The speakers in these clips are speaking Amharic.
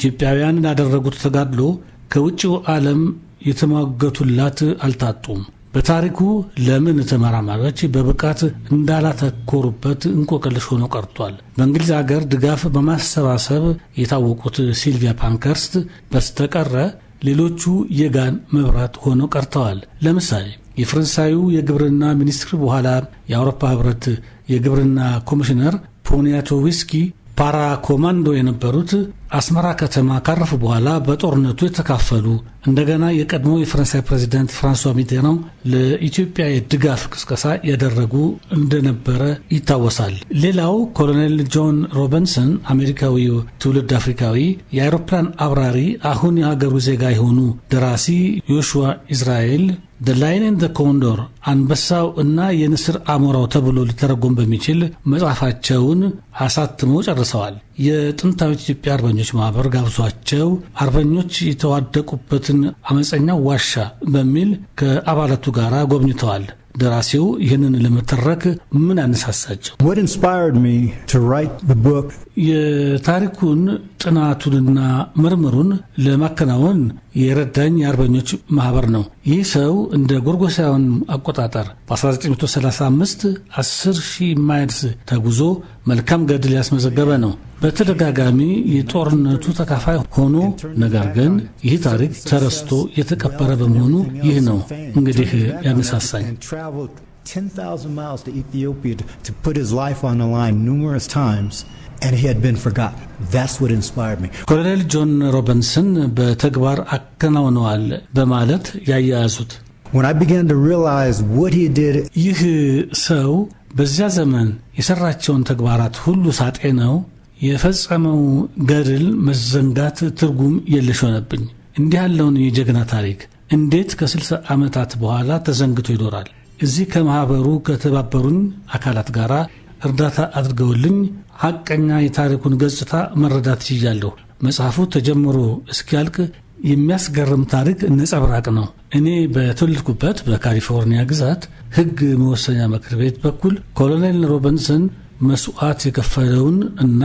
ኢትዮጵያውያን ላደረጉት ተጋድሎ ከውጭው ዓለም የተሟገቱላት አልታጡም። በታሪኩ ለምን ተመራማሪዎች በብቃት እንዳላተኮሩበት እንቆቅልሽ ሆኖ ቀርቷል። በእንግሊዝ አገር ድጋፍ በማሰባሰብ የታወቁት ሲልቪያ ፓንከርስት በስተቀረ ሌሎቹ የጋን መብራት ሆነው ቀርተዋል። ለምሳሌ የፈረንሳዩ የግብርና ሚኒስትር በኋላ የአውሮፓ ህብረት የግብርና ኮሚሽነር ፖኒያቶ ዊስኪ ፓራ ኮማንዶ የነበሩት አስመራ ከተማ ካረፉ በኋላ በጦርነቱ የተካፈሉ እንደገና የቀድሞ የፈረንሳይ ፕሬዚደንት ፍራንሷ ሚቴራን ለኢትዮጵያ የድጋፍ ቅስቀሳ ያደረጉ እንደነበረ ይታወሳል። ሌላው ኮሎኔል ጆን ሮቢንሰን አሜሪካዊው ትውልድ አፍሪካዊ የአውሮፕላን አብራሪ አሁን የሀገሩ ዜጋ የሆኑ ደራሲ ዮሹዋ ኢዝራኤል ላይንን ዘ ኮንዶር አንበሳው እና የንስር አሞራው ተብሎ ሊተረጎም በሚችል መጽሐፋቸውን አሳትመው ጨርሰዋል። የጥንታዊት ኢትዮጵያ አርበኞች ማህበር ጋብዟቸው አርበኞች የተዋደቁበትን አመፀኛው ዋሻ በሚል ከአባላቱ ጋር ጎብኝተዋል። ደራሲው ይህንን ለመተረክ ምን አነሳሳቸው? የታሪኩን ጥናቱንና ምርምሩን ለማከናወን የረዳኝ የአርበኞች ማህበር ነው። ይህ ሰው እንደ ጎርጎሳውያን አቆጣጠር በ1935 10 ሺህ ማይልስ ተጉዞ መልካም ገድል ያስመዘገበ ነው። በተደጋጋሚ የጦርነቱ ተካፋይ ሆኖ ነገር ግን ይህ ታሪክ ተረስቶ የተቀበረ በመሆኑ ይህ ነው እንግዲህ ያነሳሳኝ። ኮሎኔል ጆን ሮቢንሰን በተግባር አከናውነዋል በማለት ያያያዙት ይህ ሰው በዚያ ዘመን የሰራቸውን ተግባራት ሁሉ ነው የፈጸመው ገድል መዘንጋት ትርጉም የለሽ ሆነብኝ። እንዲህ ያለውን የጀግና ታሪክ እንዴት ከ60 ዓመታት በኋላ ተዘንግቶ ይኖራል? እዚህ ከማኅበሩ ከተባበሩኝ አካላት ጋር እርዳታ አድርገውልኝ ሀቀኛ የታሪኩን ገጽታ መረዳት ችያለሁ። መጽሐፉ ተጀምሮ እስኪያልቅ የሚያስገርም ታሪክ ነጸብራቅ ነው። እኔ በተወለድኩበት በካሊፎርኒያ ግዛት ሕግ መወሰኛ ምክር ቤት በኩል ኮሎኔል ሮቢንሰን መስዋዕት የከፈለውን እና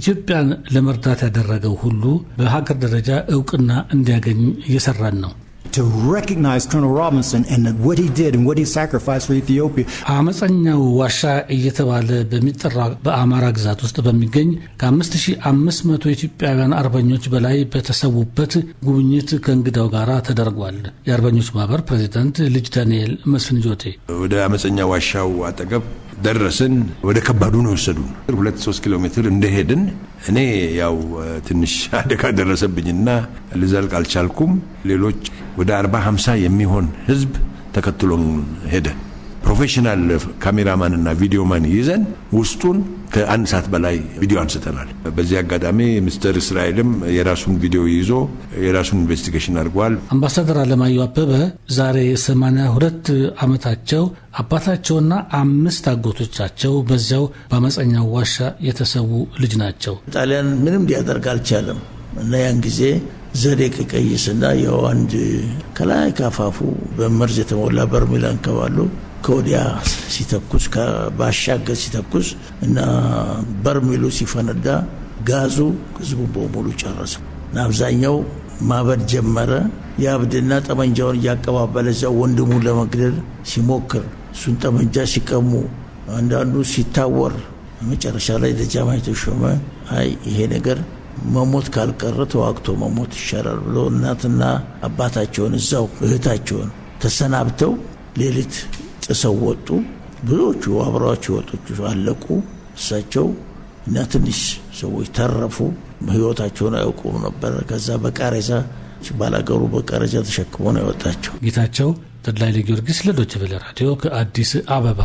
ኢትዮጵያን ለመርዳት ያደረገው ሁሉ በሀገር ደረጃ እውቅና እንዲያገኝ እየሰራን ነው። to recognize Colonel Robinson and what he did and what he sacrificed for Ethiopia. አመፀኛው ዋሻ እየተባለ በሚጠራ በአማራ ግዛት ውስጥ በሚገኝ ከ5500 ኢትዮጵያውያን አርበኞች በላይ በተሰዉበት ጉብኝት ከእንግዳው ጋር ተደርጓል። የአርበኞች ማህበር ፕሬዚዳንት ልጅ ዳንኤል መስፍን ጆቴ ወደ አመፀኛ ዋሻው አጠገብ ደረስን። ወደ ከባዱ ነው የወሰዱን። ሁለት ሶስት ኪሎ ሜትር እንደሄድን እኔ ያው ትንሽ አደጋ ደረሰብኝና ልዘልቅ አልቻልኩም። ሌሎች ወደ 40 50 የሚሆን ህዝብ ተከትሎ ሄደ። ፕሮፌሽናል ካሜራማንና ቪዲዮማን ይዘን ውስጡን ከአንድ ሰዓት በላይ ቪዲዮ አንስተናል። በዚህ አጋጣሚ ሚስተር እስራኤልም የራሱን ቪዲዮ ይዞ የራሱን ኢንቨስቲጌሽን አድርጓል። አምባሳደር አለማየሁ አበበ ዛሬ የሰማንያ ሁለት ዓመታቸው አባታቸውና አምስት አጎቶቻቸው በዚያው በአመፀኛው ዋሻ የተሰዉ ልጅ ናቸው። ጣሊያን ምንም ሊያደርግ አልቻለም እና ያን ጊዜ ዘዴ ቅቀይስና ያው አንድ ከላይ ካፋፉ በመርዝ የተሞላ በርሜል አንከባሎ ከወዲያ ሲተኩስ ባሻገር ሲተኩስ እና በርሜሉ ሲፈነዳ ጋዙ ህዝቡ በሙሉ ጨረሰ እና አብዛኛው ማበድ ጀመረ። የአብድና ጠመንጃውን እያቀባበለ እዚያው ወንድሙን ለመግደል ሲሞክር እሱን ጠመንጃ ሲቀሙ፣ አንዳንዱ ሲታወር፣ መጨረሻ ላይ ደጃማ የተሾመ አይ ይሄ ነገር መሞት ካልቀረ ተዋግቶ መሞት ይሻላል ብሎ እናትና አባታቸውን እዛው እህታቸውን ተሰናብተው ሌሊት ጥሰው ወጡ። ብዙዎቹ አብረዋቸው ወጦቹ አለቁ። እሳቸው እና ትንሽ ሰዎች ተረፉ። ህይወታቸውን አያውቁም ነበር። ከዛ በቃሬዛ ባላገሩ በቃሬዛ ተሸክሞ ነው የወጣቸው። ጌታቸው ተድላይ ለጊዮርጊስ ለዶይቼ ቬለ ራዲዮ ከአዲስ አበባ